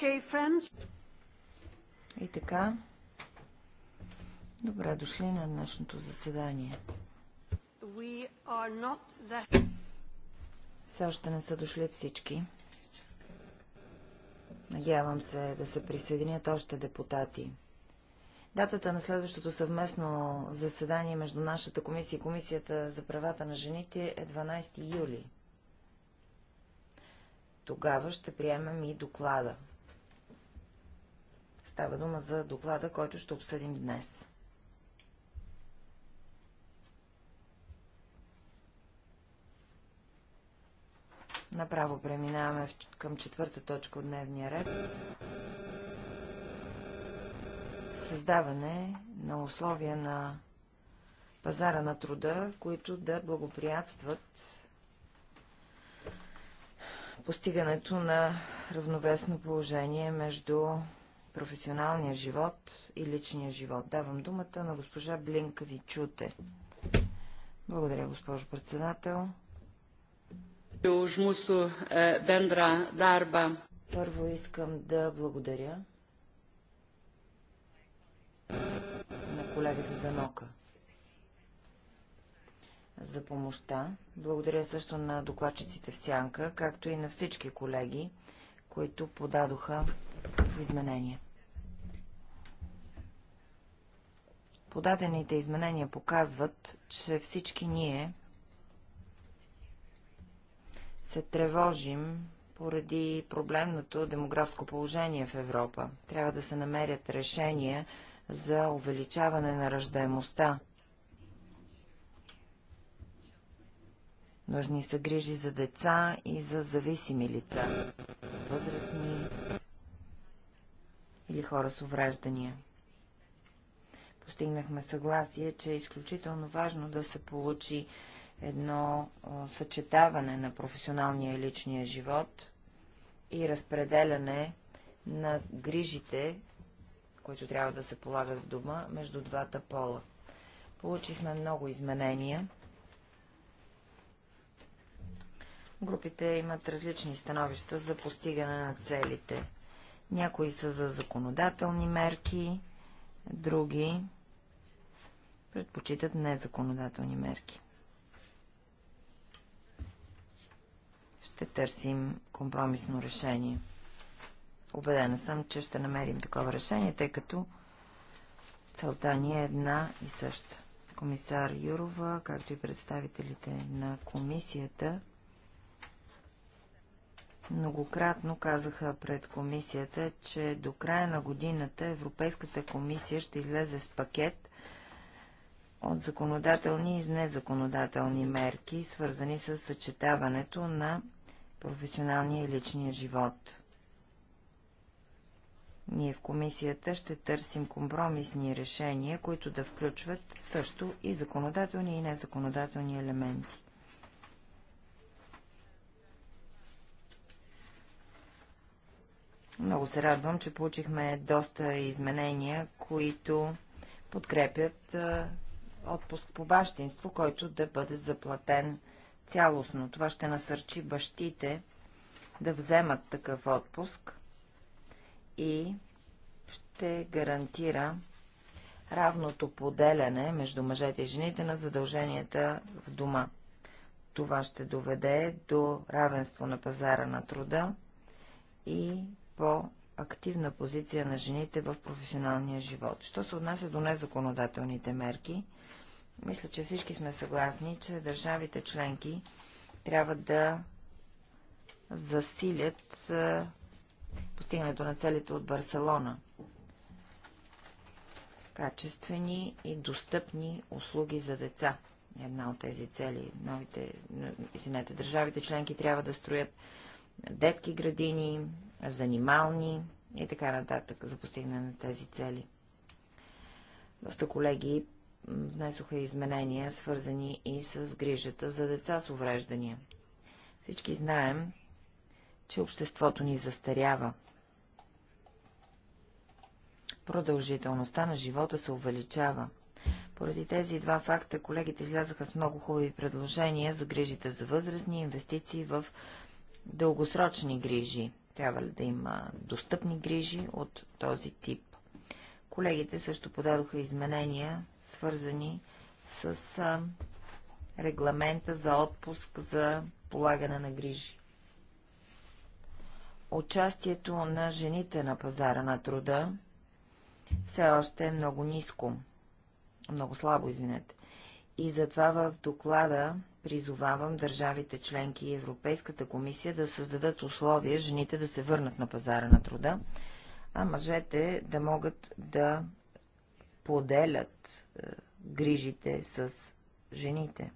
Okay, friends. И така. Добре дошли на днешното заседание. We are not that... Все още не са дошли всички. Надявам се да се присъединят още депутати. Датата на следващото съвместно заседание между нашата комисия и Комисията за правата на жените е 12 юли. Тогава ще приемем и доклада. Става дума за доклада, който ще обсъдим днес. Направо преминаваме към четвърта точка от дневния ред. Създаване на условия на пазара на труда, които да благоприятстват постигането на равновесно положение между професионалния живот и личния живот. Давам думата на госпожа Блинка Вичуте. Благодаря, госпожо председател. Е, Първо искам да благодаря на колегата Данока за помощта. Благодаря също на докладчиците в Сянка, както и на всички колеги, които подадоха изменения. Подадените изменения показват, че всички ние се тревожим поради проблемното демографско положение в Европа. Трябва да се намерят решения за увеличаване на ръждаемостта. Нужни са грижи за деца и за зависими лица, възрастни или хора с увреждания постигнахме съгласие, че е изключително важно да се получи едно съчетаване на професионалния и личния живот и разпределяне на грижите, които трябва да се полагат в дома, между двата пола. Получихме много изменения. Групите имат различни становища за постигане на целите. Някои са за законодателни мерки, други предпочитат незаконодателни мерки. Ще търсим компромисно решение. Обедена съм, че ще намерим такова решение, тъй като целта ни е една и съща. Комисар Юрова, както и представителите на комисията, многократно казаха пред комисията, че до края на годината Европейската комисия ще излезе с пакет, от законодателни и незаконодателни мерки, свързани с съчетаването на професионалния и личния живот. Ние в комисията ще търсим компромисни решения, които да включват също и законодателни и незаконодателни елементи. Много се радвам, че получихме доста изменения, които подкрепят отпуск по бащинство, който да бъде заплатен цялостно. Това ще насърчи бащите да вземат такъв отпуск и ще гарантира равното поделяне между мъжете и жените на задълженията в дома. Това ще доведе до равенство на пазара на труда и по активна позиция на жените в професионалния живот. Що се отнася до незаконодателните мерки, мисля, че всички сме съгласни, че държавите членки трябва да засилят постигането на целите от Барселона. Качествени и достъпни услуги за деца. Е една от тези цели. Новите, извинете, държавите членки трябва да строят детски градини, занимални и така нататък за постигане на тези цели. Доста колеги внесоха изменения, свързани и с грижата за деца с увреждания. Всички знаем, че обществото ни застарява. Продължителността на живота се увеличава. Поради тези два факта колегите излязаха с много хубави предложения за грижите за възрастни, инвестиции в дългосрочни грижи. Трябва ли да има достъпни грижи от този тип? Колегите също подадоха изменения, свързани с регламента за отпуск за полагане на грижи. Участието на жените на пазара на труда все още е много ниско, много слабо, извинете. И затова в доклада призовавам държавите членки и Европейската комисия да създадат условия жените да се върнат на пазара на труда, а мъжете да могат да поделят е, грижите с жените.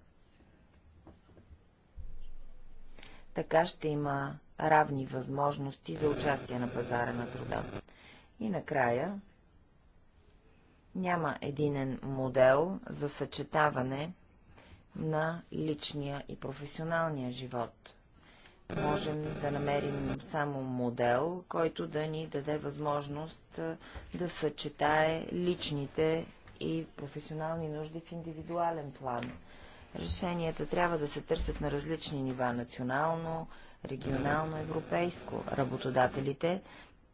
Така ще има равни възможности за участие на пазара на труда. И накрая няма единен модел за съчетаване на личния и професионалния живот. Можем да намерим само модел, който да ни даде възможност да съчетае личните и професионални нужди в индивидуален план. Решенията трябва да се търсят на различни нива – национално, регионално, европейско. Работодателите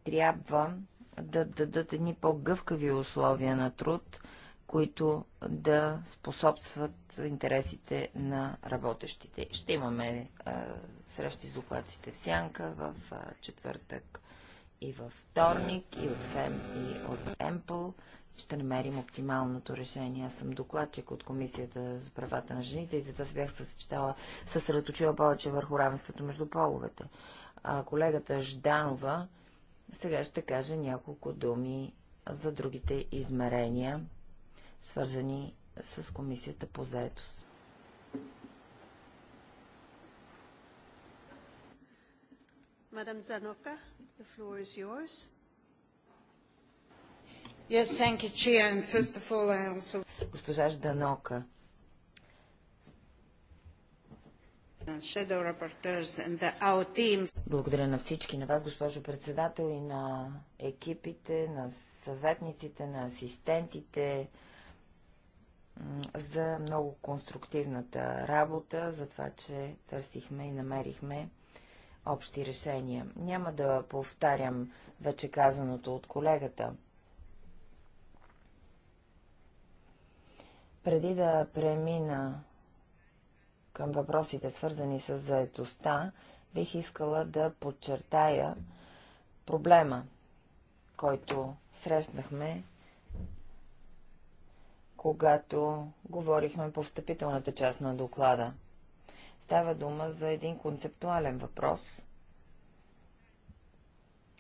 трябва да дадат едни по-гъвкави условия на труд – които да способстват интересите на работещите. Ще имаме а, е, срещи с докладците в Сянка в а, е, четвъртък и във вторник, и от ФЕМ, и от ЕМПЛ. Ще намерим оптималното решение. Аз съм докладчик от Комисията за правата на жените и затова се бях съсъчетала, съсредоточила повече върху равенството между половете. А, колегата Жданова сега ще каже няколко думи за другите измерения свързани с Комисията по заедост. Мадам Заноха, the floor is yours. Yes, thank you, Chia, And first of all, I also... Госпожа Жданока. Благодаря на всички, на вас, госпожо председател, и на екипите, на съветниците, на асистентите, за много конструктивната работа, за това, че търсихме и намерихме общи решения. Няма да повтарям вече казаното от колегата. Преди да премина към въпросите, свързани с заетостта, бих искала да подчертая проблема, който срещнахме когато говорихме по встъпителната част на доклада. Става дума за един концептуален въпрос,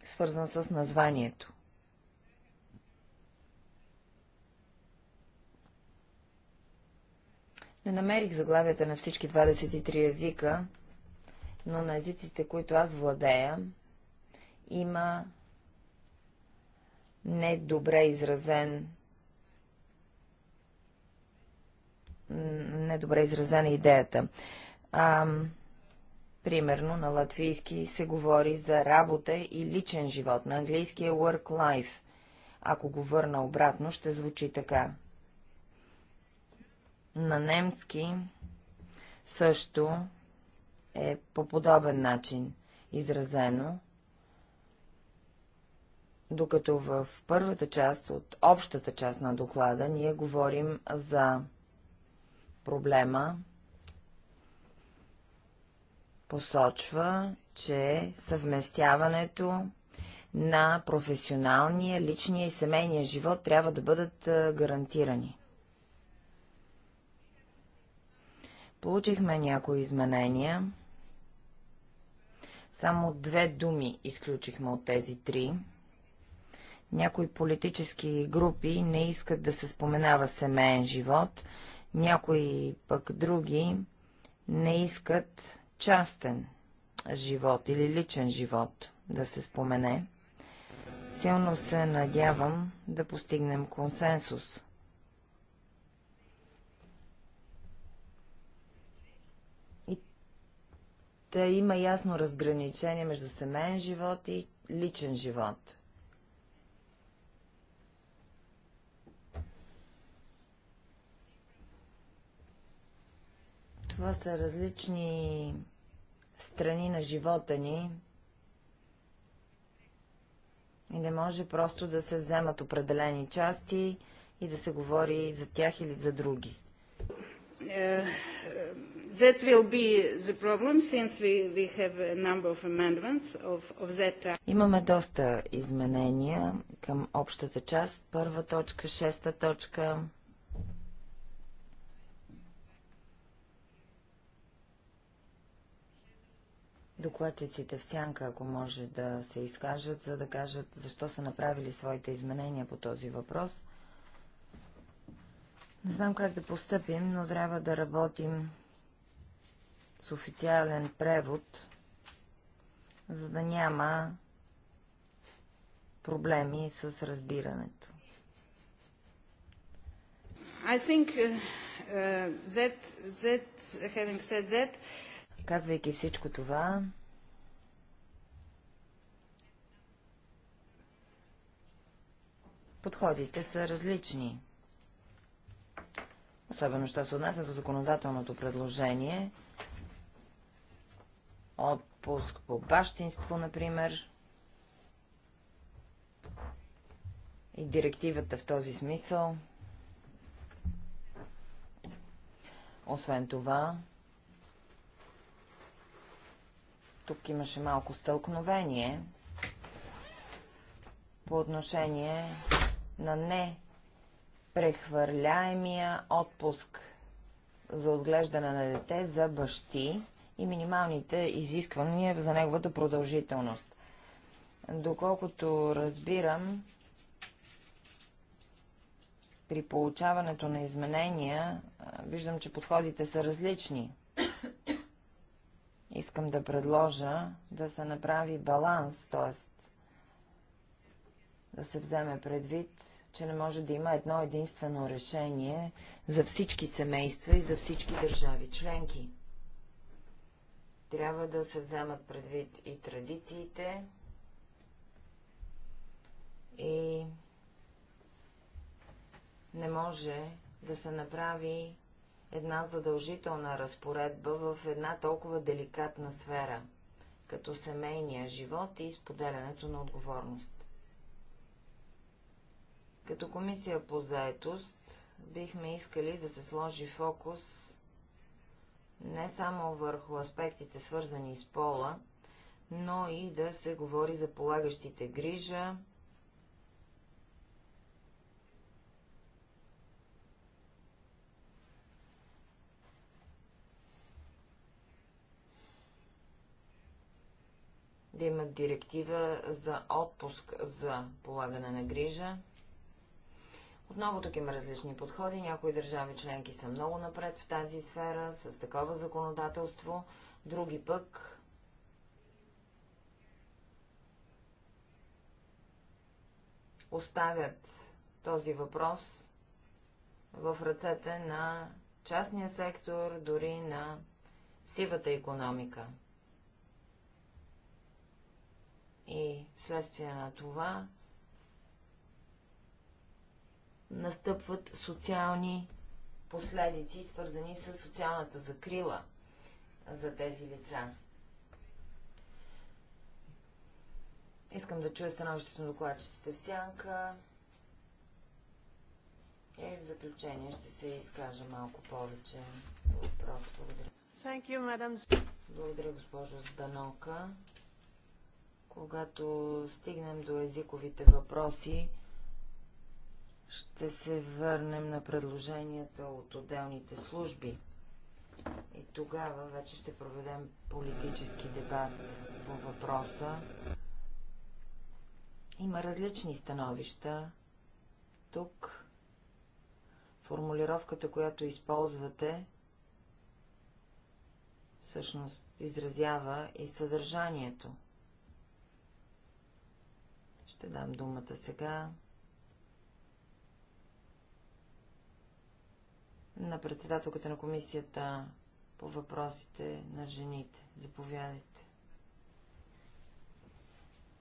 свързан с названието. Не намерих заглавията на всички 23 езика, но на езиците, които аз владея, има недобре изразен недобре изразена идеята. А, примерно на латвийски се говори за работа и личен живот, на английски е work-life. Ако го върна обратно, ще звучи така. На немски също е по подобен начин изразено, докато в първата част от общата част на доклада ние говорим за проблема посочва, че съвместяването на професионалния, личния и семейния живот трябва да бъдат гарантирани. Получихме някои изменения. Само две думи изключихме от тези три. Някои политически групи не искат да се споменава семейен живот някои пък други не искат частен живот или личен живот да се спомене. Силно се надявам да постигнем консенсус. И да има ясно разграничение между семейен живот и личен живот. Това са различни страни на живота ни и не може просто да се вземат определени части и да се говори за тях или за други. Uh, that will be the problem since we, we have a number of amendments of, of that Имаме доста изменения към общата част. Първа точка, шеста точка. докладчиците в сянка, ако може да се изкажат, за да кажат защо са направили своите изменения по този въпрос. Не знам как да постъпим, но трябва да работим с официален превод, за да няма проблеми с разбирането. I think uh, that, uh, that, having said that, uh, Казвайки всичко това, подходите са различни. Особено, що се отнася до законодателното предложение, отпуск по бащинство, например, и директивата в този смисъл. Освен това, Тук имаше малко стълкновение по отношение на не прехвърляемия отпуск за отглеждане на дете за бащи и минималните изисквания за неговата продължителност. Доколкото разбирам, при получаването на изменения, виждам, че подходите са различни. Искам да предложа да се направи баланс, т.е. да се вземе предвид, че не може да има едно единствено решение за всички семейства и за всички държави членки. Трябва да се вземат предвид и традициите, и не може да се направи една задължителна разпоредба в една толкова деликатна сфера, като семейния живот и споделянето на отговорност. Като комисия по заетост бихме искали да се сложи фокус не само върху аспектите свързани с пола, но и да се говори за полагащите грижа, да имат директива за отпуск за полагане на грижа. Отново тук има различни подходи. Някои държави членки са много напред в тази сфера, с такова законодателство. Други пък оставят този въпрос в ръцете на частния сектор, дори на сивата економика. И следствие на това настъпват социални последици, свързани с социалната закрила за тези лица. Искам да чуя становището на докладчиците в сянка. И в заключение ще се изкажа малко повече въпрос. Благодаря. Благодаря, госпожо Зданока. Когато стигнем до езиковите въпроси, ще се върнем на предложенията от отделните служби. И тогава вече ще проведем политически дебат по въпроса. Има различни становища. Тук формулировката, която използвате, всъщност изразява и съдържанието. Ще дам думата сега на председателката на комисията по въпросите на жените. Заповядайте.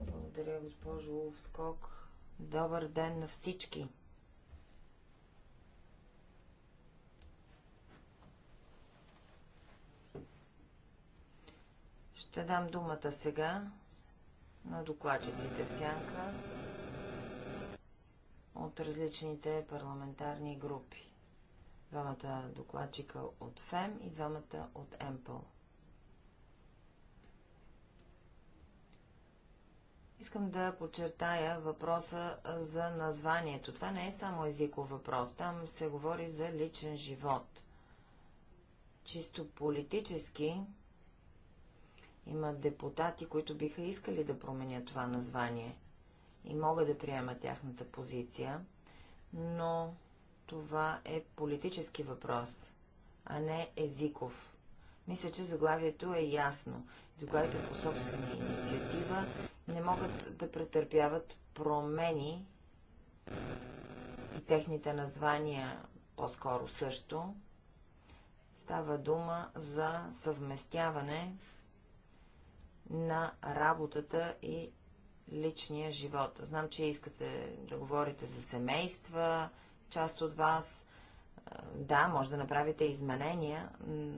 Благодаря, госпожо Ловскок. Добър ден на всички! Ще дам думата сега на докладчиците в сянка от различните парламентарни групи. Двамата докладчика от ФЕМ и двамата от ЕМПЛ. Искам да подчертая въпроса за названието. Това не е само езиков въпрос. Там се говори за личен живот. Чисто политически има депутати, които биха искали да променят това название и мога да приема тяхната позиция, но това е политически въпрос, а не езиков. Мисля, че заглавието е ясно. Докладите по собствена инициатива не могат да претърпяват промени и техните названия по-скоро също. Става дума за съвместяване на работата и личния живот. Знам, че искате да говорите за семейства, част от вас. Да, може да направите изменения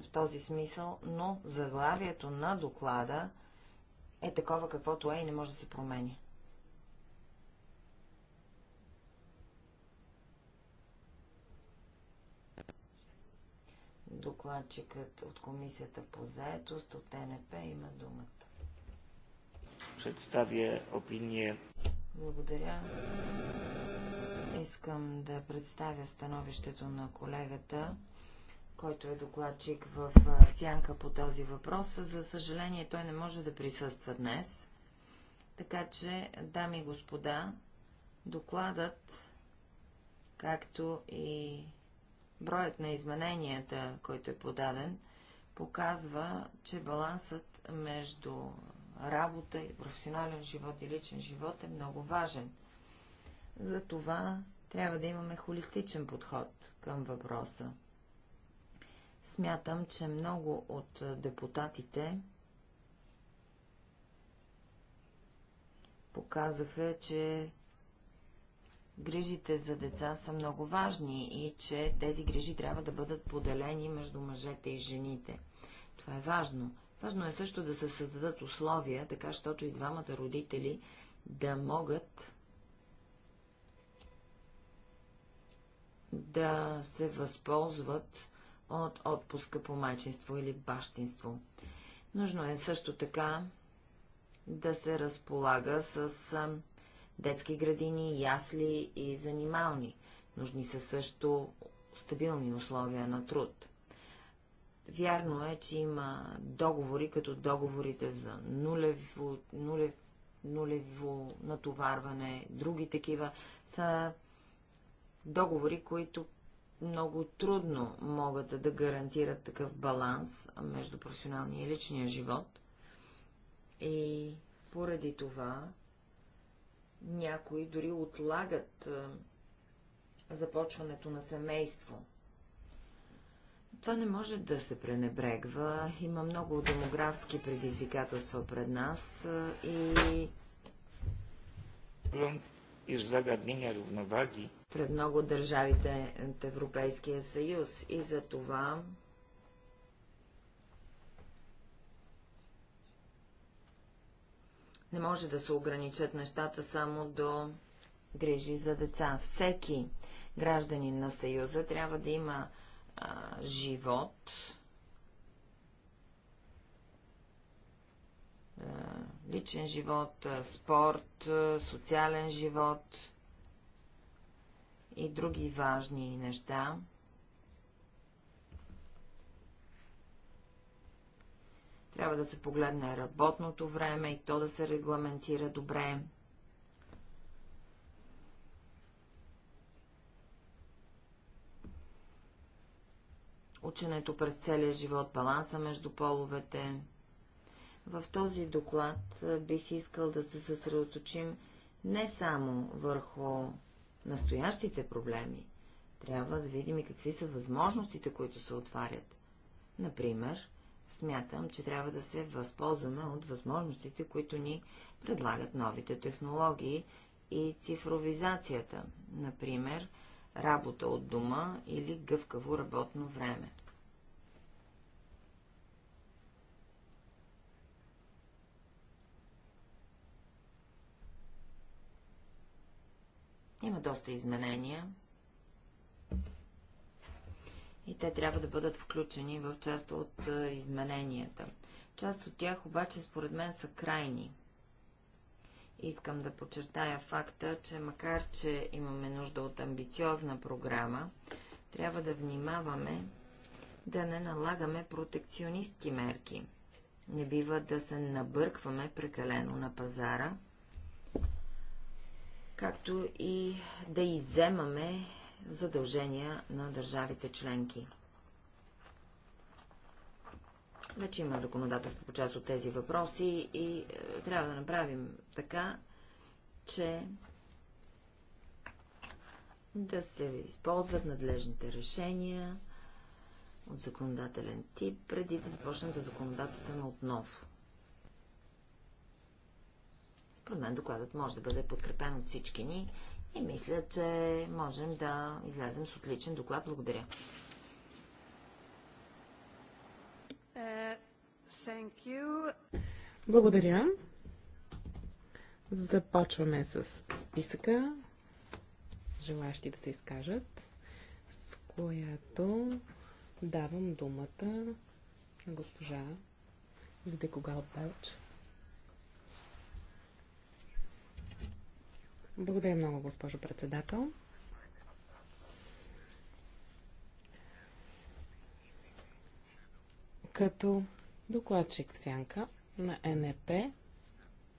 в този смисъл, но заглавието на доклада е такова каквото е и не може да се променя. Докладчикът от комисията по заетост от ТНП има думата. Представя опиния. Благодаря. Искам да представя становището на колегата, който е докладчик в сянка по този въпрос. За съжаление, той не може да присъства днес. Така че, дами и господа, докладът, както и броят на измененията, който е подаден, показва, че балансът между работа или професионален живот и личен живот е много важен. Затова трябва да имаме холистичен подход към въпроса. Смятам, че много от депутатите показаха, че грижите за деца са много важни и че тези грижи трябва да бъдат поделени между мъжете и жените. Това е важно. Важно е също да се създадат условия, така, защото и двамата родители да могат да се възползват от отпуска по майчинство или бащинство. Нужно е също така да се разполага с детски градини, ясли и занимални. Нужни са също стабилни условия на труд. Вярно е, че има договори, като договорите за нулево, нулев, нулево натоварване, други такива, са договори, които много трудно могат да гарантират такъв баланс между професионалния и личния живот. И поради това някои дори отлагат е, започването на семейство това не може да се пренебрегва. Има много демографски предизвикателства пред нас и... И загаднения равноваги. Пред много държавите от Европейския съюз. И за това не може да се ограничат нещата само до грижи за деца. Всеки гражданин на Съюза трябва да има а, живот. личен живот, спорт, социален живот и други важни неща. Трябва да се погледне работното време и то да се регламентира добре. ученето през целия живот, баланса между половете. В този доклад бих искал да се съсредоточим не само върху настоящите проблеми, трябва да видим и какви са възможностите, които се отварят. Например, смятам, че трябва да се възползваме от възможностите, които ни предлагат новите технологии и цифровизацията. Например, работа от дома или гъвкаво работно време. Има доста изменения и те трябва да бъдат включени в част от измененията. Част от тях обаче според мен са крайни. Искам да подчертая факта, че макар, че имаме нужда от амбициозна програма, трябва да внимаваме да не налагаме протекционистки мерки. Не бива да се набъркваме прекалено на пазара, както и да иземаме задължения на държавите членки. Вече има законодателство по част от тези въпроси и е, трябва да направим така, че да се използват надлежните решения от законодателен тип, преди да започнем да законодателстваме отново. Според мен докладът може да бъде подкрепен от всички ни и мисля, че можем да излезем с отличен доклад. Благодаря. Благодаря. Започваме с списъка. Желащи да се изкажат, с която давам думата на госпожа Декогал Белч. Благодаря много, госпожо председател. Като докладчик в сянка на НЕП,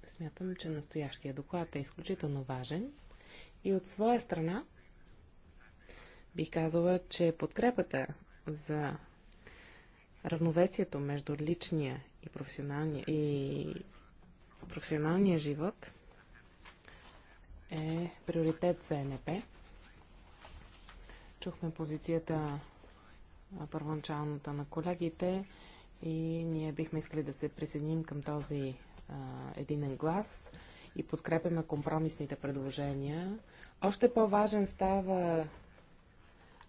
смятам, че настоящия доклад е изключително важен и от своя страна бих казала, че подкрепата за равновесието между личния и професионалния, и професионалния живот е приоритет за НП. Чухме позицията първоначалната на колегите и ние бихме искали да се присъединим към този а, единен глас и подкрепяме компромисните предложения. Още по-важен става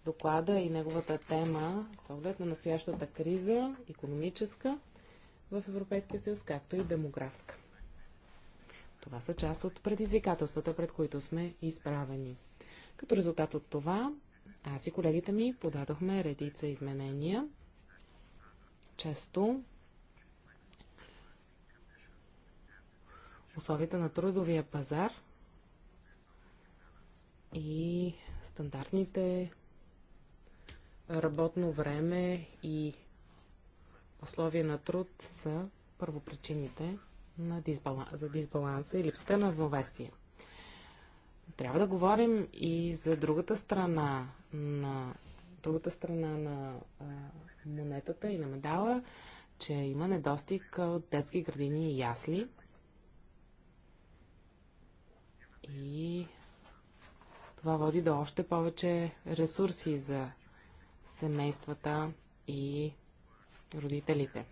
доклада и неговата тема с оглед на настоящата криза, економическа в Европейския съюз, както и демографска. Това са част от предизвикателствата, пред които сме изправени. Като резултат от това, аз и колегите ми подадохме редица изменения. Често условията на трудовия пазар и стандартните работно време и условия на труд са първопричините на дисбаланс, за дисбаланса и липсата на равновесие. Трябва да говорим и за другата страна на другата страна на а, монетата и на медала, че има недостиг от детски градини и ясли. И това води до още повече ресурси за семействата и родителите.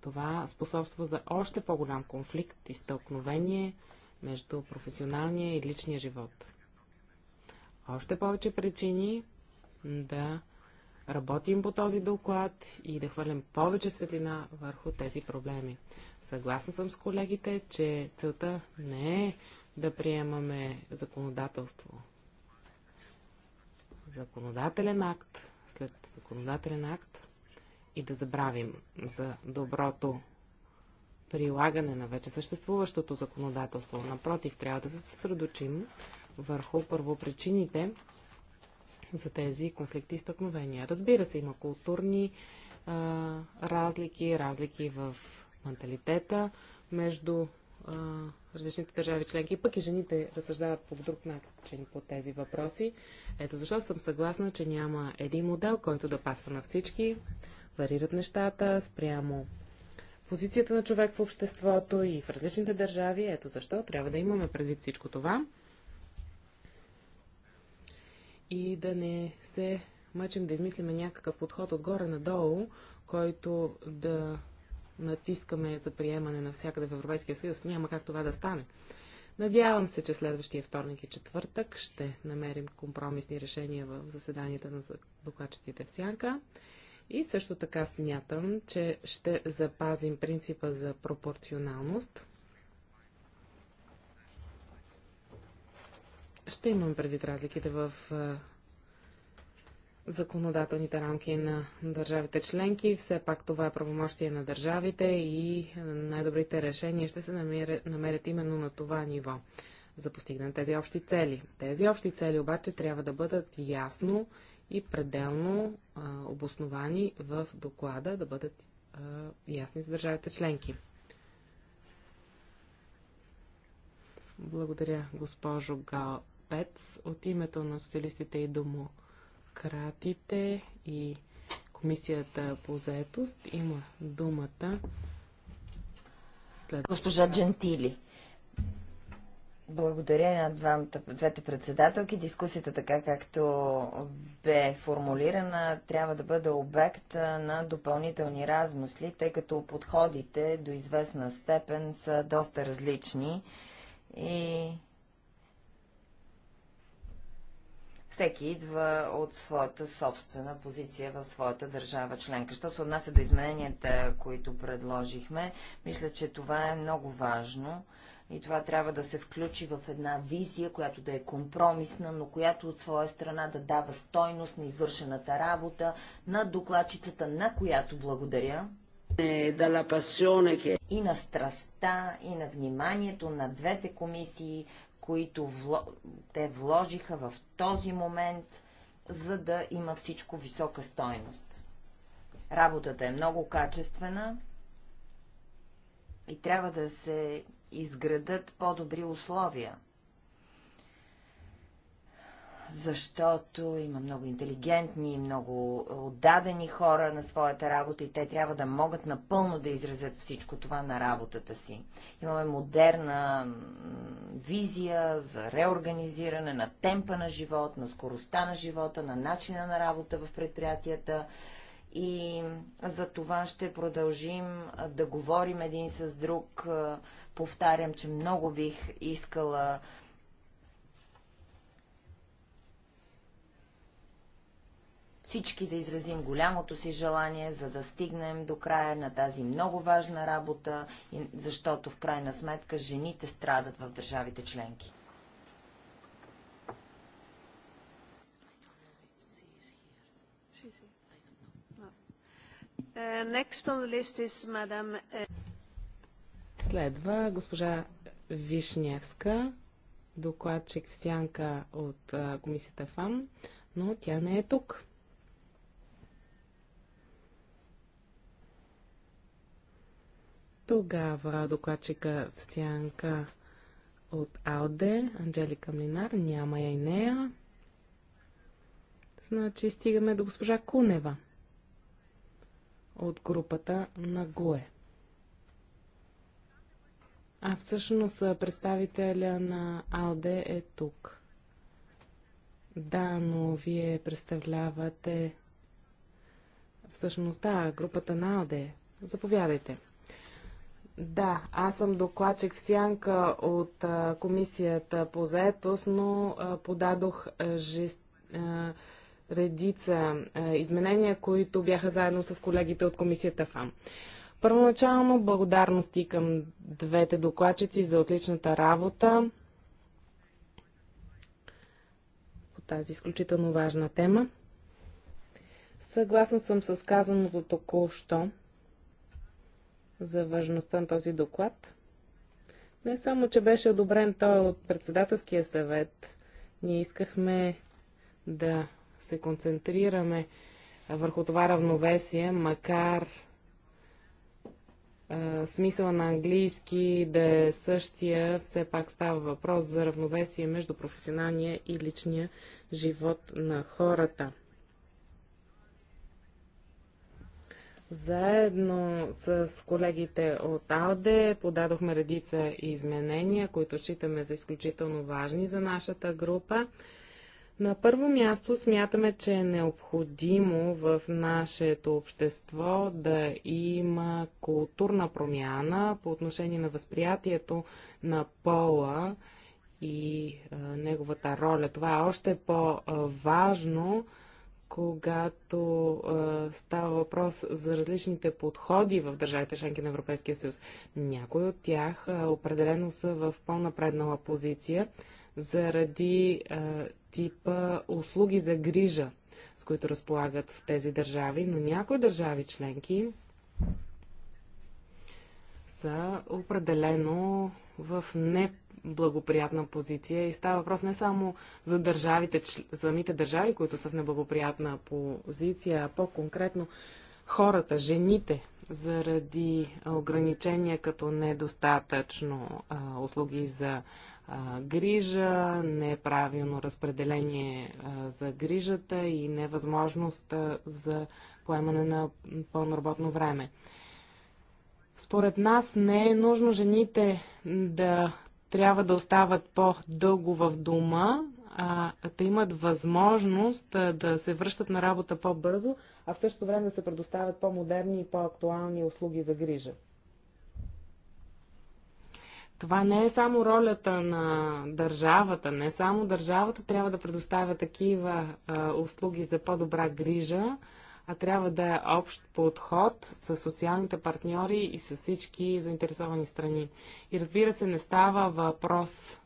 Това способства за още по-голям конфликт, и стълкновение между професионалния и личния живот. Още повече причини да работим по този доклад и да хвърлям повече светлина върху тези проблеми. Съгласна съм с колегите, че целта не е да приемаме законодателство. Законодателен акт след законодателен акт и да забравим за доброто прилагане на вече съществуващото законодателство. Напротив, трябва да се съсредочим върху първопричините за тези конфликти и стъкновения. Разбира се, има културни а, разлики, разлики в менталитета между а, различните държави членки. Пък и жените разсъждават по друг начин по тези въпроси. Ето защо съм съгласна, че няма един модел, който да пасва на всички. Варират нещата спрямо позицията на човек в обществото и в различните държави. Ето защо трябва да имаме предвид всичко това и да не се мъчим да измислиме някакъв подход отгоре надолу, който да натискаме за приемане навсякъде в Европейския съюз. Няма как това да стане. Надявам се, че следващия вторник и четвъртък ще намерим компромисни решения в заседанията на докладчиците в Сянка. И също така смятам, че ще запазим принципа за пропорционалност. Ще имам предвид разликите в законодателните рамки на държавите членки. Все пак това е правомощие на държавите и най-добрите решения ще се намерят, именно на това ниво за постигнат тези общи цели. Тези общи цели обаче трябва да бъдат ясно и пределно а, обосновани в доклада да бъдат а, ясни за държавите членки. Благодаря, госпожо Гал Пец. От името на социалистите и домократите и Комисията по заетост има думата след... Госпожа Джентили. Благодаря на двамата, двете председателки. Дискусията, така както бе формулирана, трябва да бъде обект на допълнителни размисли, тъй като подходите до известна степен са доста различни и всеки идва от своята собствена позиция в своята държава членка. Що се отнася до измененията, които предложихме, мисля, че това е много важно и това трябва да се включи в една визия, която да е компромисна, но която от своя страна да дава стойност на извършената работа, на докладчицата, на която благодаря. Е, и на страста, и на вниманието на двете комисии, които вло... те вложиха в този момент, за да има всичко висока стойност. Работата е много качествена и трябва да се изградат по-добри условия. Защото има много интелигентни и много отдадени хора на своята работа и те трябва да могат напълно да изразят всичко това на работата си. Имаме модерна визия за реорганизиране на темпа на живот, на скоростта на живота, на начина на работа в предприятията, и за това ще продължим да говорим един с друг. Повтарям, че много бих искала всички да изразим голямото си желание, за да стигнем до края на тази много важна работа, защото в крайна сметка жените страдат в държавите членки. Uh, next on the list is uh, Следва госпожа Вишневска, докладчик в сянка от комисията ФАМ, но тя не е тук. Тогава докладчика в сянка от Алде, Анджелика Млинар, няма я и нея. Значи стигаме до госпожа Кунева от групата на ГУЕ. А всъщност представителя на АЛДЕ е тук. Да, но вие представлявате... Всъщност, да, групата на АЛДЕ. Заповядайте. Да, аз съм докладчик в Сянка от а, комисията по заетост, но а, подадох а, жест, редица е, изменения, които бяха заедно с колегите от комисията ФАМ. Първоначално благодарности към двете докладчици за отличната работа по тази изключително важна тема. Съгласна съм с казаното току-що за важността на този доклад. Не само, че беше одобрен той от председателския съвет, ние искахме да се концентрираме върху това равновесие, макар смисъла на английски да е същия, все пак става въпрос за равновесие между професионалния и личния живот на хората. Заедно с колегите от АЛДЕ подадохме редица изменения, които считаме за изключително важни за нашата група. На първо място смятаме, че е необходимо в нашето общество да има културна промяна по отношение на възприятието на пола и а, неговата роля. Това е още по-важно, когато а, става въпрос за различните подходи в държавите членки на Европейския съюз. Някои от тях а, определено са в по-напреднала позиция заради а, типа услуги за грижа, с които разполагат в тези държави, но някои държави членки са определено в неблагоприятна позиция и става въпрос не само за държавите, самите държави, които са в неблагоприятна позиция, а по-конкретно хората, жените, заради ограничения като недостатъчно а, услуги за а, грижа, неправилно разпределение а, за грижата и невъзможност а, за поемане на пълно работно време. Според нас не е нужно жените да трябва да остават по-дълго в дома, а, да имат възможност а, да се връщат на работа по-бързо, а в същото време да се предоставят по-модерни и по-актуални услуги за грижа. Това не е само ролята на държавата, не само държавата трябва да предоставя такива а, услуги за по-добра грижа, а трябва да е общ подход с социалните партньори и с всички заинтересовани страни. И разбира се, не става въпрос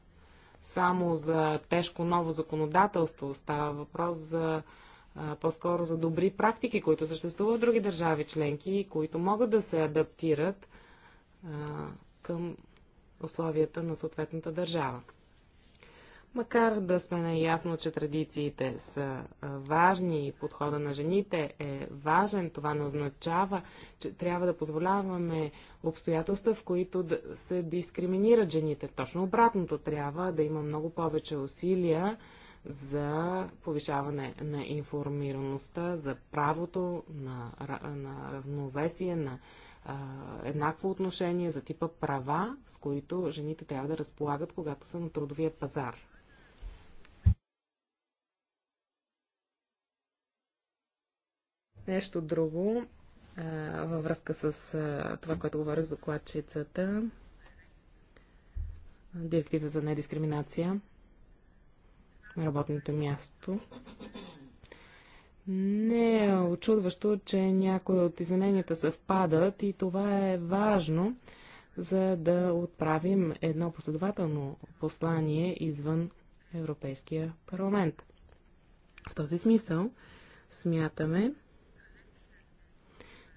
само за тежко ново законодателство, става въпрос за по-скоро за добри практики, които съществуват в други държави членки и които могат да се адаптират към условията на съответната държава. Макар да сме наясно, че традициите са важни и подхода на жените е важен, това не означава, че трябва да позволяваме обстоятелства, в които да се дискриминират жените. Точно обратното трябва да има много повече усилия за повишаване на информираността, за правото на, на равновесие, на а, еднакво отношение, за типа права, с които жените трябва да разполагат, когато са на трудовия пазар. Нещо друго във връзка с това, което говорих за кладчицата. Директива за недискриминация на работното място. Не е очудващо, че някои от измененията съвпадат и това е важно, за да отправим едно последователно послание извън Европейския парламент. В този смисъл смятаме,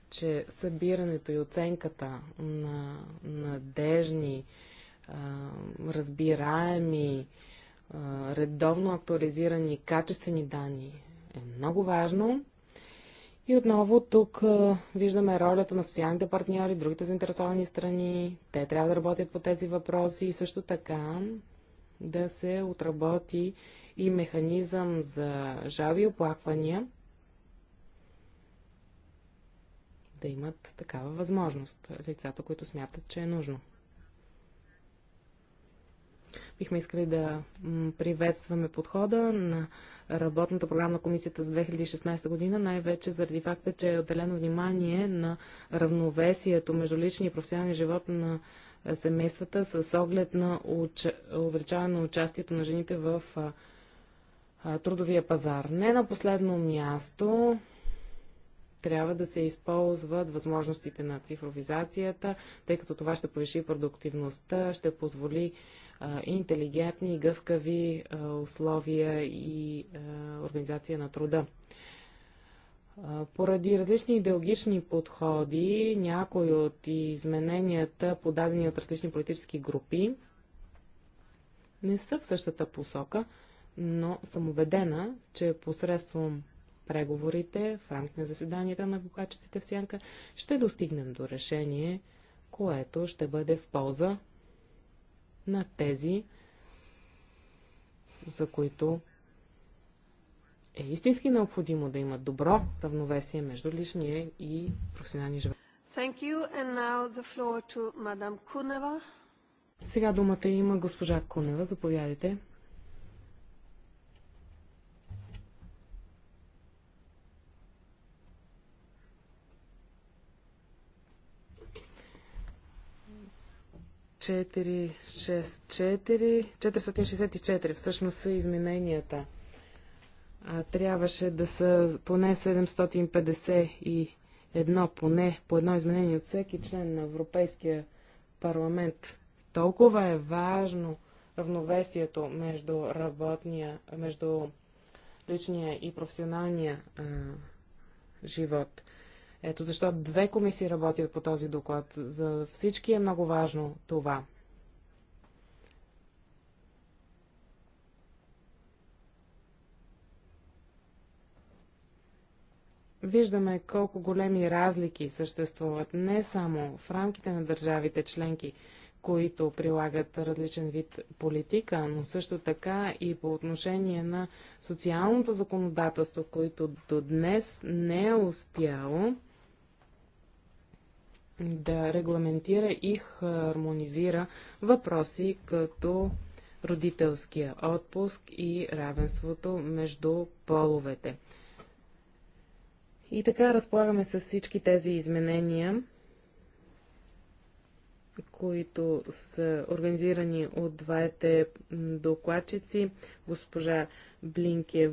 че събирането и оценката на надежни, разбираеми, редовно актуализирани, качествени данни е много важно. И отново тук виждаме ролята на социалните партньори, другите заинтересовани страни. Те трябва да работят по тези въпроси и също така да се отработи и механизъм за жалби и оплаквания, да имат такава възможност лицата, които смятат, че е нужно. Бихме искали да приветстваме подхода на работната програма на комисията за 2016 година, най-вече заради факта, че е отделено внимание на равновесието между личния и професионалния живот на семействата с оглед на уч... увеличаване на участието на жените в трудовия пазар. Не на последно място трябва да се използват възможностите на цифровизацията, тъй като това ще повиши продуктивността, ще позволи а, интелигентни и гъвкави а, условия и а, организация на труда. Поради различни идеологични подходи, някои от измененията, подадени от различни политически групи, не са в същата посока, но съм убедена, че посредством преговорите в рамките на заседанията на докладчиците в Сянка, ще достигнем до решение, което ще бъде в полза на тези, за които е истински необходимо да има добро равновесие между личния и професионалния живот. Thank you. And now the floor to Madame Kuneva. Сега думата има госпожа Кунева. Заповядайте. 464, 464 всъщност са измененията. А, трябваше да са поне 750 и едно, поне по едно изменение от всеки член на Европейския парламент. Толкова е важно равновесието между работния, между личния и професионалния а, живот. Ето защо две комисии работят по този доклад. За всички е много важно това. виждаме колко големи разлики съществуват не само в рамките на държавите членки, които прилагат различен вид политика, но също така и по отношение на социалното законодателство, което до днес не е успяло да регламентира и хармонизира въпроси като родителския отпуск и равенството между половете. И така разполагаме с всички тези изменения, които са организирани от двете докладчици, госпожа Блинке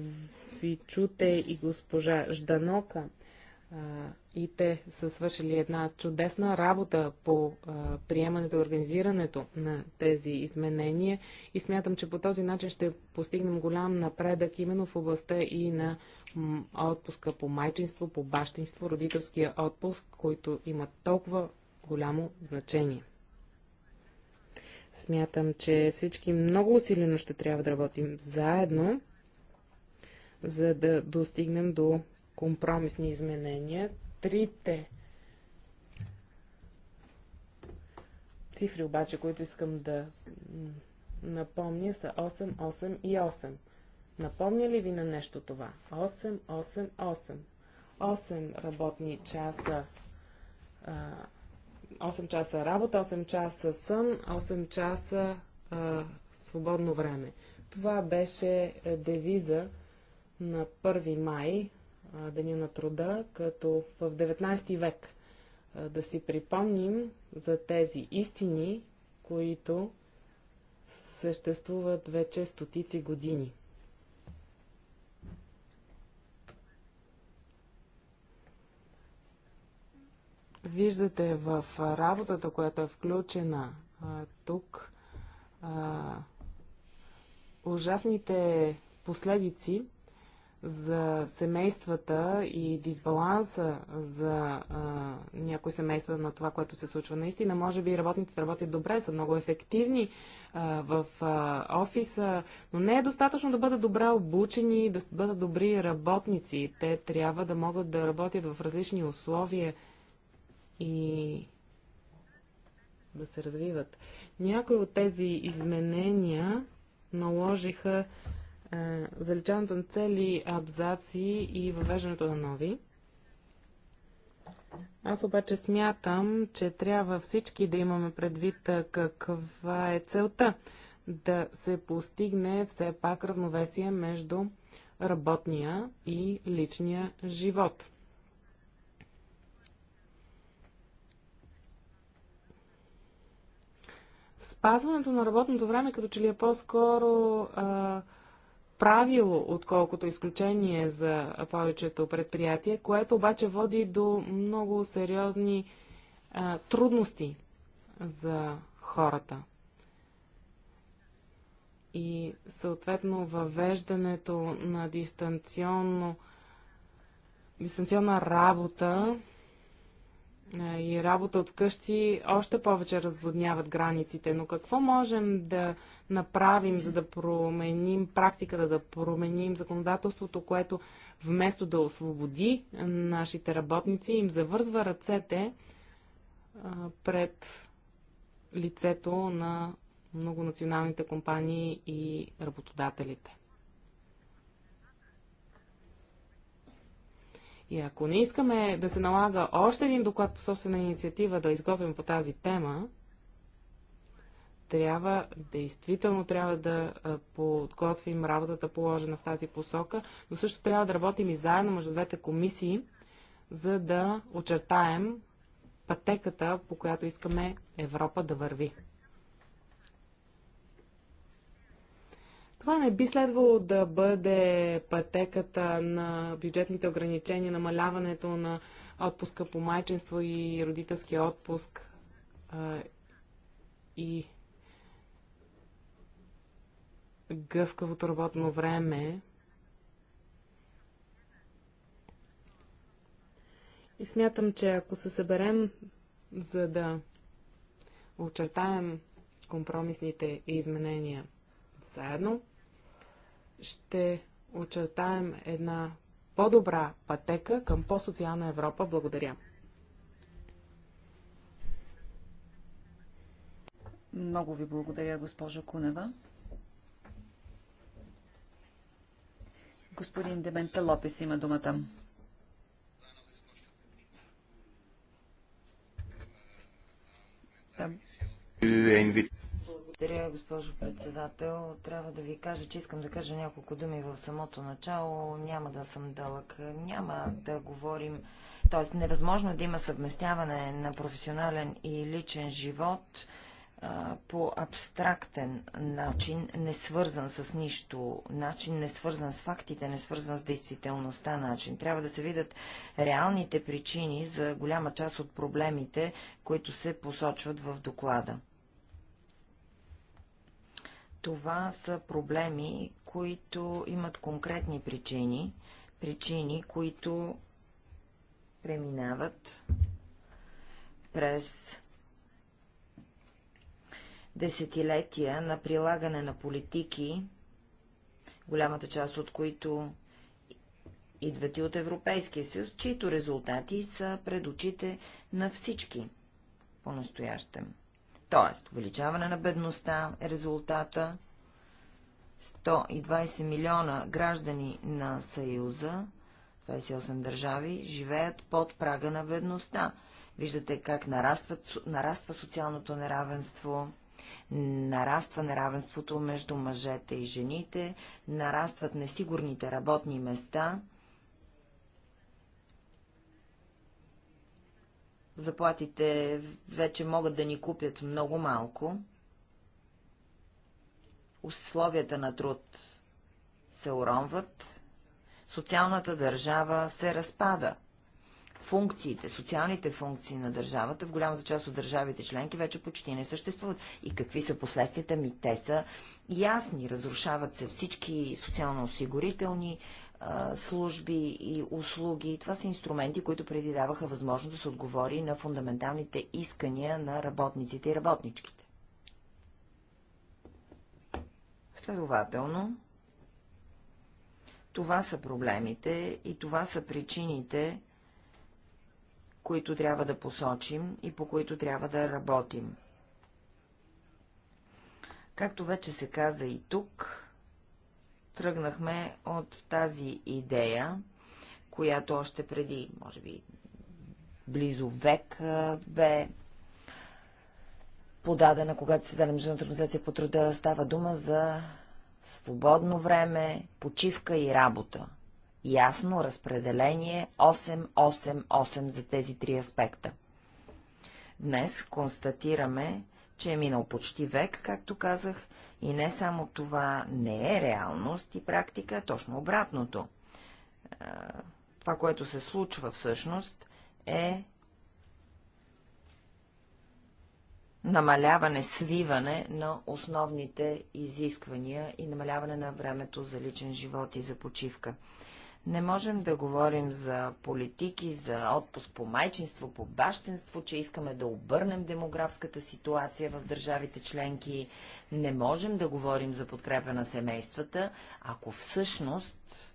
Вичуте и госпожа Жданока и те са свършили една чудесна работа по приемането и организирането на тези изменения и смятам, че по този начин ще постигнем голям напредък именно в областта и на отпуска по майчинство, по бащинство, родителския отпуск, който има толкова голямо значение. Смятам, че всички много усилено ще трябва да работим заедно, за да достигнем до компромисни изменения. Трите цифри обаче, които искам да напомня, са 8, 8 и 8. Напомня ли ви на нещо това? 8, 8, 8. 8 работни часа. 8 часа работа, 8 часа сън, 8 часа а, свободно време. Това беше девиза на 1 май Деня на труда, като в 19 век да си припомним за тези истини, които съществуват вече стотици години. Виждате в работата, която е включена а, тук, а, ужасните последици за семействата и дисбаланса за а, някои семейства на това, което се случва. Наистина, може би работниците работят добре, са много ефективни а, в а, офиса, но не е достатъчно да бъдат добре обучени, да бъдат добри работници. Те трябва да могат да работят в различни условия и да се развиват. Някои от тези изменения наложиха заличаването на цели абзаци и въвеждането на нови. Аз обаче смятам, че трябва всички да имаме предвид каква е целта да се постигне все пак равновесие между работния и личния живот. Спазването на работното време като че ли е по-скоро правило, отколкото изключение за повечето предприятия, което обаче води до много сериозни а, трудности за хората. И съответно въвеждането на дистанционно, дистанционна работа и работа от къщи още повече разводняват границите. Но какво можем да направим, за да променим практиката, да променим законодателството, което вместо да освободи нашите работници, им завързва ръцете пред лицето на многонационалните компании и работодателите? И ако не искаме да се налага още един доклад по собствена инициатива да изготвим по тази тема, трябва, действително трябва да подготвим работата положена в тази посока, но също трябва да работим и заедно между двете комисии, за да очертаем пътеката, по която искаме Европа да върви. Това не би следвало да бъде пътеката на бюджетните ограничения, намаляването на отпуска по майчинство и родителския отпуск а, и гъвкавото работно време. И смятам, че ако се съберем, за да очертаем компромисните изменения заедно, ще очертаем една по-добра пътека към по-социална Европа. Благодаря. Много ви благодаря, госпожо Кунева. Господин Демента Лопес има думата. Да. Е, е благодаря, госпожо председател. Трябва да ви кажа, че искам да кажа няколко думи в самото начало. Няма да съм дълъг. Няма да говорим... Тоест, невъзможно е да има съвместяване на професионален и личен живот а, по абстрактен начин, не свързан с нищо начин, не свързан с фактите, не свързан с действителността начин. Трябва да се видят реалните причини за голяма част от проблемите, които се посочват в доклада. Това са проблеми, които имат конкретни причини, причини, които преминават през десетилетия на прилагане на политики, голямата част от които идват и от Европейския съюз, чието резултати са пред очите на всички по-настоящем. Тоест, увеличаване на бедността е резултата. 120 милиона граждани на Съюза, 28 държави, живеят под прага на бедността. Виждате как нарастват, нараства социалното неравенство, нараства неравенството между мъжете и жените, нарастват несигурните работни места – Заплатите вече могат да ни купят много малко. Условията на труд се уронват. Социалната държава се разпада. Функциите, социалните функции на държавата в голямата част от държавите членки вече почти не съществуват. И какви са последствията ми? Те са ясни. Разрушават се всички социално-осигурителни служби и услуги. Това са инструменти, които преди даваха възможност да се отговори на фундаменталните искания на работниците и работничките. Следователно, това са проблемите и това са причините, които трябва да посочим и по които трябва да работим. Както вече се каза и тук, тръгнахме от тази идея, която още преди, може би, близо век бе подадена, когато се създаде Международната организация по труда, става дума за свободно време, почивка и работа. Ясно разпределение 8-8-8 за тези три аспекта. Днес констатираме, че е минал почти век, както казах, и не само това не е реалност и практика, точно обратното. Това, което се случва всъщност, е намаляване, свиване на основните изисквания и намаляване на времето за личен живот и за почивка. Не можем да говорим за политики, за отпуск по майчинство, по бащенство, че искаме да обърнем демографската ситуация в държавите членки. Не можем да говорим за подкрепа на семействата, ако всъщност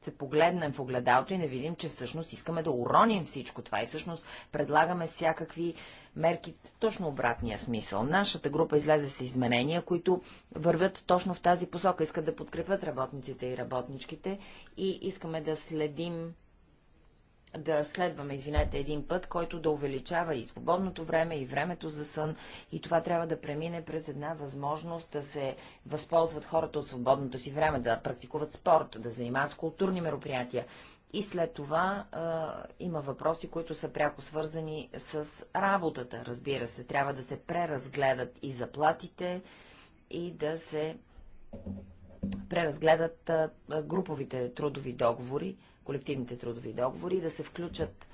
се погледнем в огледалото и не видим, че всъщност искаме да уроним всичко това и всъщност предлагаме всякакви мерки в точно обратния смисъл. Нашата група излезе с изменения, които вървят точно в тази посока. Искат да подкрепят работниците и работничките и искаме да следим да следваме, извинете, един път, който да увеличава и свободното време, и времето за сън, и това трябва да премине през една възможност да се възползват хората от свободното си време, да практикуват спорт, да занимават с културни мероприятия, и след това а, има въпроси, които са пряко свързани с работата. Разбира се, трябва да се преразгледат и заплатите, и да се преразгледат а, груповите трудови договори, колективните трудови договори, и да се включат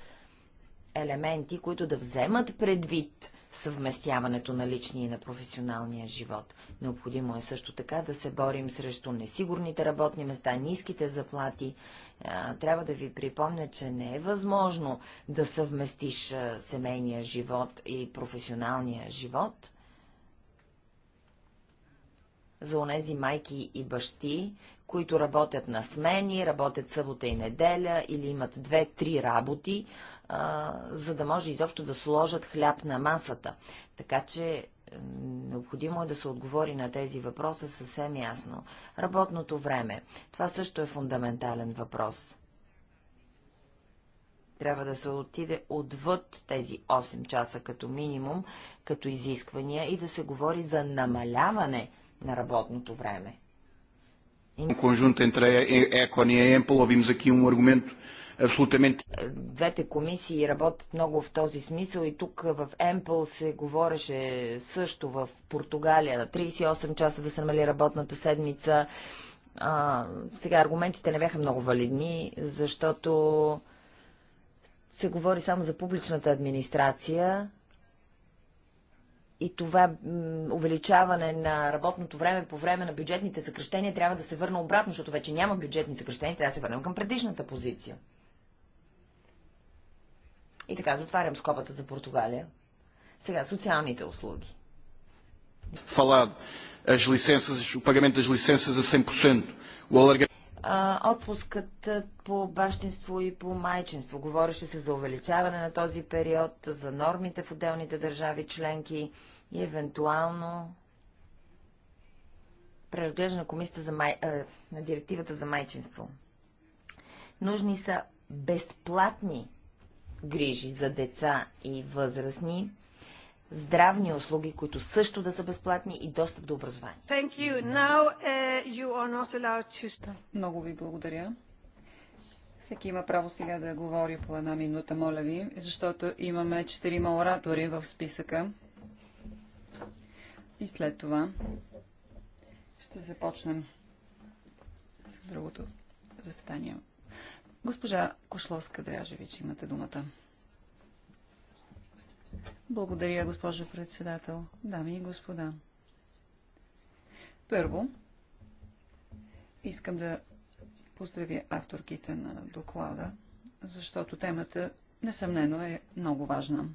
елементи, които да вземат предвид съвместяването на личния и на професионалния живот. Необходимо е също така да се борим срещу несигурните работни места, ниските заплати. Трябва да ви припомня, че не е възможно да съвместиш семейния живот и професионалния живот. За онези майки и бащи, които работят на смени, работят събота и неделя или имат две-три работи, а, за да може изобщо да сложат хляб на масата. Така че необходимо е да се отговори на тези въпроса съвсем ясно. Работното време. Това също е фундаментален въпрос. Трябва да се отиде отвъд тези 8 часа като минимум, като изисквания и да се говори за намаляване на работното време. Um conjunto entre a e-, Econ e a Apple, ouvimos aqui um argumento абсолютно. Двете комисии работят много в този смисъл и тук в ЕМПЛ се говореше също в Португалия на 38 часа да се намали работната седмица. А, сега аргументите не бяха много валидни, защото се говори само за публичната администрация и това увеличаване на работното време по време на бюджетните съкрещения трябва да се върне обратно, защото вече няма бюджетни съкрещения, трябва да се върнем към предишната позиция. И така, затварям скобата за Португалия. Сега, социалните услуги. Falado as licenças, o pagamento das licenças a 100%, o alargamento а, отпускът по бащинство и по майчинство. Говореше се за увеличаване на този период, за нормите в отделните държави членки и евентуално преразглеждане на комисията за май... а, на директивата за майчинство. Нужни са безплатни грижи за деца и възрастни, здравни услуги, които също да са безплатни и достъп до образование. Now, uh, to... Много ви благодаря. Всеки има право сега да говори по една минута, моля ви, защото имаме четирима оратори в списъка. И след това ще започнем с другото заседание. Госпожа Кошловска Дряжевич, имате думата. Благодаря, госпожо председател. Дами и господа. Първо, искам да поздравя авторките на доклада, защото темата несъмнено е много важна.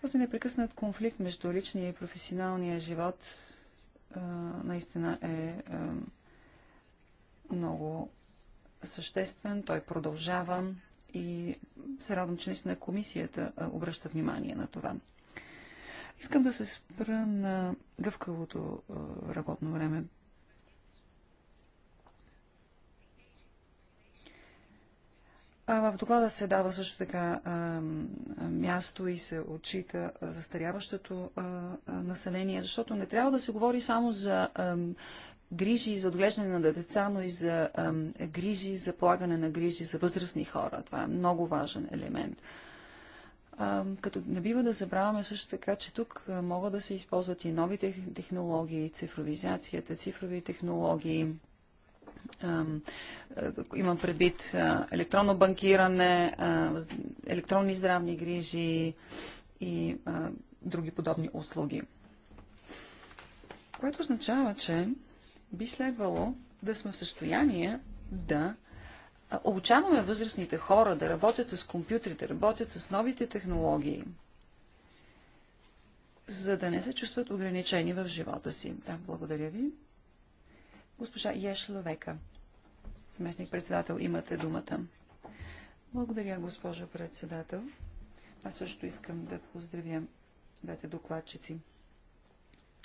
Този непрекъснат конфликт между личния и професионалния живот а, наистина е а, много съществен. Той продължава и се радвам, че наистина комисията обръща внимание на това. Искам да се спра на гъвкавото работно време. А в доклада се дава също така а, място и се отчита застаряващото а, население, защото не трябва да се говори само за а, грижи за отглеждане на деца, но и за ам, грижи, за полагане на грижи за възрастни хора. Това е много важен елемент. Ам, като не бива да забравяме също така, че тук могат да се използват и нови технологии, цифровизацията, цифрови технологии. А, имам предвид електронно банкиране, електронни здравни грижи и други подобни услуги. Което означава, че би следвало да сме в състояние да обучаваме възрастните хора да работят с компютрите, да работят с новите технологии, за да не се чувстват ограничени в живота си. Да, благодаря ви. Госпожа Ешловека, сместник председател, имате думата. Благодаря, госпожо председател. Аз също искам да поздравя двете докладчици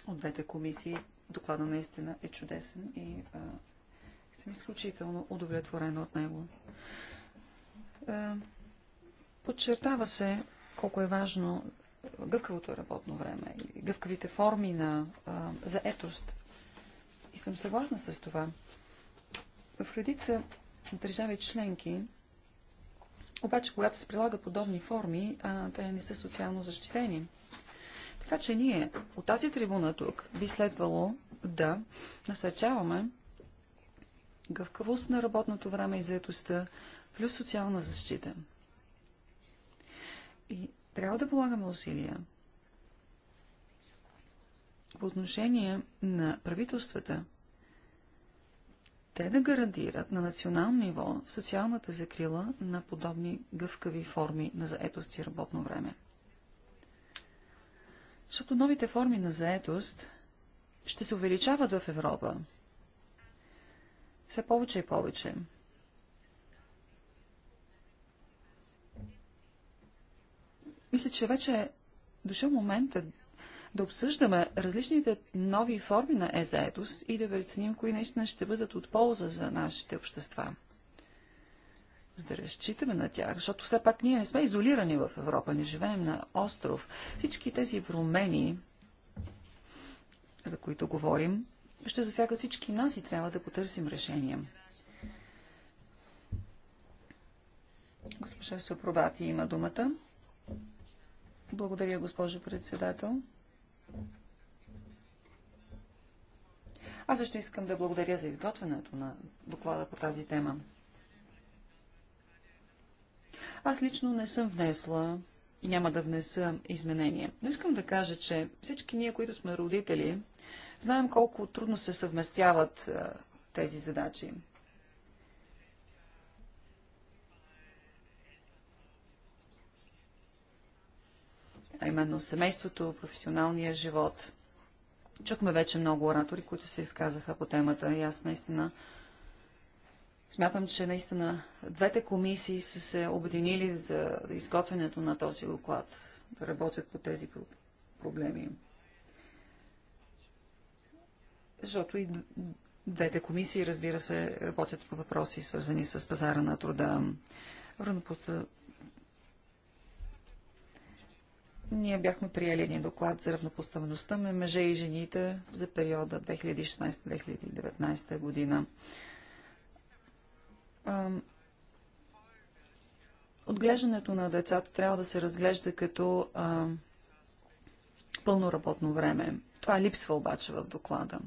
от двете комисии доклада наистина е чудесен и а, съм изключително удовлетворена от него. А, подчертава се колко е важно гъвкавото работно време и гъвкавите форми на а, заетост. И съм съгласна с това. В редица държави членки, обаче когато се прилагат подобни форми, а, те не са социално защитени. Така че ние от тази трибуна тук би следвало да насърчаваме гъвкавост на работното време и заетостта, плюс социална защита. И трябва да полагаме усилия по отношение на правителствата, те да гарантират на национално ниво социалната закрила на подобни гъвкави форми на заетост и работно време. Защото новите форми на заетост ще се увеличават в Европа. Все повече и повече. Мисля, че вече е дошъл момента да обсъждаме различните нови форми на е заетост и да преценим кои наистина ще бъдат от полза за нашите общества за да разчитаме на тях, защото все пак ние не сме изолирани в Европа, не живеем на остров. Всички тези промени, за които говорим, ще засягат всички нас и трябва да потърсим решения. Госпожа Сопробати има думата. Благодаря, госпожо председател. Аз също искам да благодаря за изготвянето на доклада по тази тема. Аз лично не съм внесла и няма да внеса изменения. Но искам да кажа, че всички ние, които сме родители, знаем колко трудно се съвместяват тези задачи. А именно семейството, професионалния живот. Чухме вече много оратори, които се изказаха по темата и аз наистина Смятам, че наистина двете комисии са се обединили за изготвянето на този доклад, да работят по тези проблеми. Защото и двете комисии, разбира се, работят по въпроси, свързани с пазара на труда. Ние бяхме приели един доклад за равнопоставеността на мъже и жените за периода 2016-2019 година. Отглеждането на децата трябва да се разглежда като а, пълно работно време. Това липсва обаче в доклада.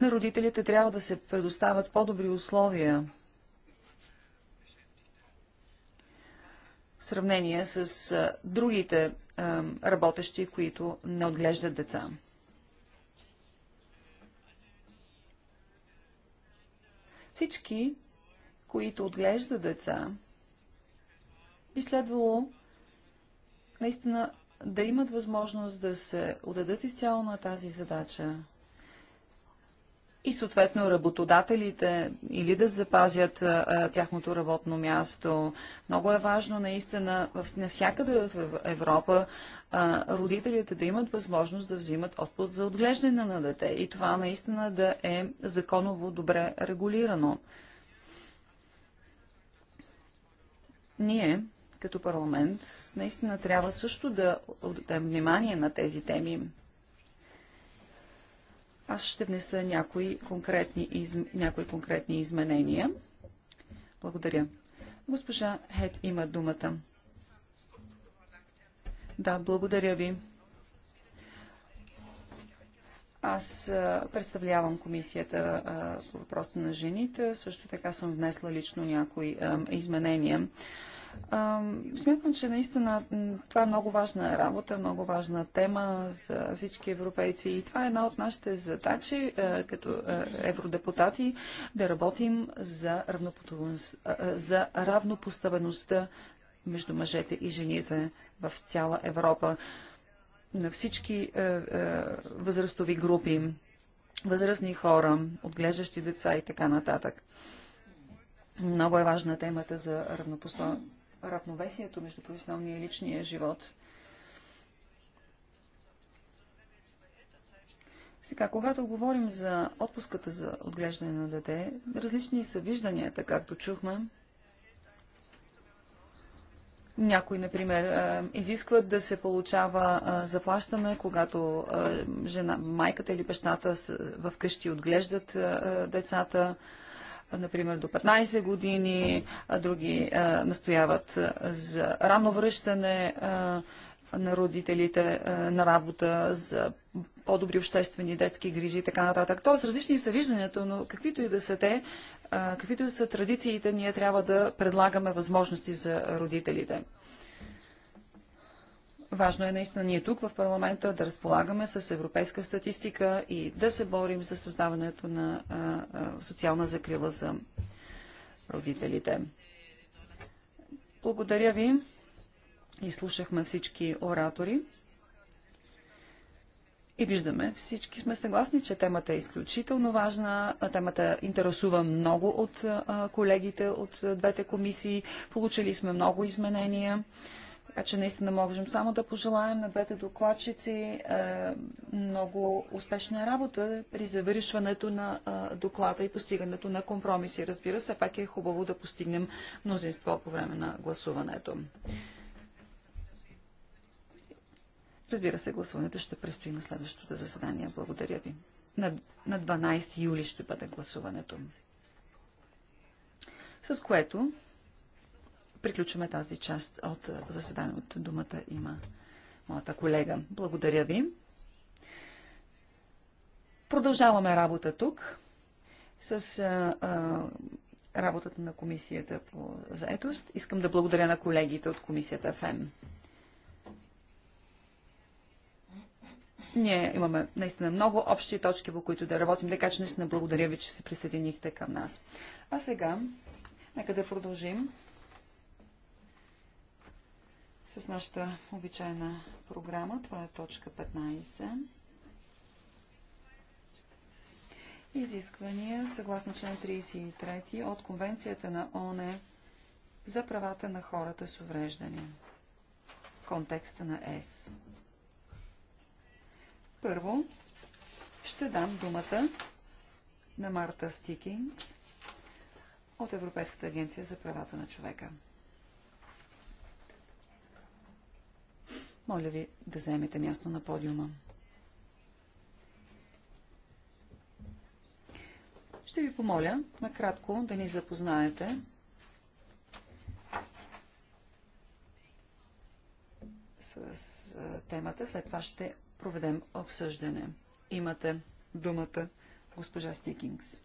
На родителите трябва да се предоставят по-добри условия в сравнение с а, другите а, работещи, които не отглеждат деца. Всички, които отглеждат деца, би следвало наистина да имат възможност да се отдадат изцяло на тази задача, и съответно работодателите или да запазят а, тяхното работно място. Много е важно наистина в, навсякъде в Европа а, родителите да имат възможност да взимат отпуск за отглеждане на дете и това наистина да е законово добре регулирано. Ние, като парламент, наистина трябва също да отдадем внимание на тези теми. Аз ще внеса някои конкретни, из... някои конкретни изменения. Благодаря. Госпожа Хет има думата. Да, благодаря ви. Аз представлявам комисията по въпросите на жените. Също така съм внесла лично някои изменения Смятам, че наистина това е много важна работа, много важна тема за всички европейци и това е една от нашите задачи е, като е, евродепутати да работим за, е, за равнопоставеността между мъжете и жените в цяла Европа на всички възрастови групи, възрастни хора, отглеждащи деца и така нататък. Много е важна темата за равнопоставеността равновесието между професионалния и личния живот. Сега, когато говорим за отпуската за отглеждане на дете, различни са вижданията, както чухме. Някои, например, изискват да се получава заплащане, когато жена, майката или бащата в къщи отглеждат децата например, до 15 години, а други а, настояват за рано връщане а, на родителите а, на работа, за по-добри обществени детски грижи и така нататък. Тоест, различни са вижданията, но каквито и да са те, а, каквито и да са традициите, ние трябва да предлагаме възможности за родителите. Важно е наистина ние тук в парламента да разполагаме с европейска статистика и да се борим за създаването на социална закрила за родителите. Благодаря ви. Изслушахме всички оратори. И виждаме, всички сме съгласни, че темата е изключително важна. Темата интересува много от колегите от двете комисии. Получили сме много изменения. Така че наистина можем само да пожелаем на двете докладчици е, много успешна работа при завършването на е, доклада и постигането на компромиси. Разбира се, пак е хубаво да постигнем мнозинство по време на гласуването. Разбира се, гласуването ще предстои на следващото заседание. Благодаря ви. на 12 юли ще бъде гласуването. С което приключваме тази част от заседанието. Думата има моята колега. Благодаря ви. Продължаваме работа тук с а, а, работата на комисията по заетост. Искам да благодаря на колегите от комисията ФМ. Ние имаме наистина много общи точки, по които да работим, така че наистина благодаря ви, че се присъединихте към нас. А сега, нека да продължим с нашата обичайна програма. Това е точка 15. Изисквания съгласно член 33 от Конвенцията на ОНЕ за правата на хората с увреждания. Контекста на ЕС. Първо ще дам думата на Марта Стикингс от Европейската агенция за правата на човека. Моля ви да заемете място на подиума. Ще ви помоля накратко да ни запознаете с темата. След това ще проведем обсъждане. Имате думата госпожа Стикингс.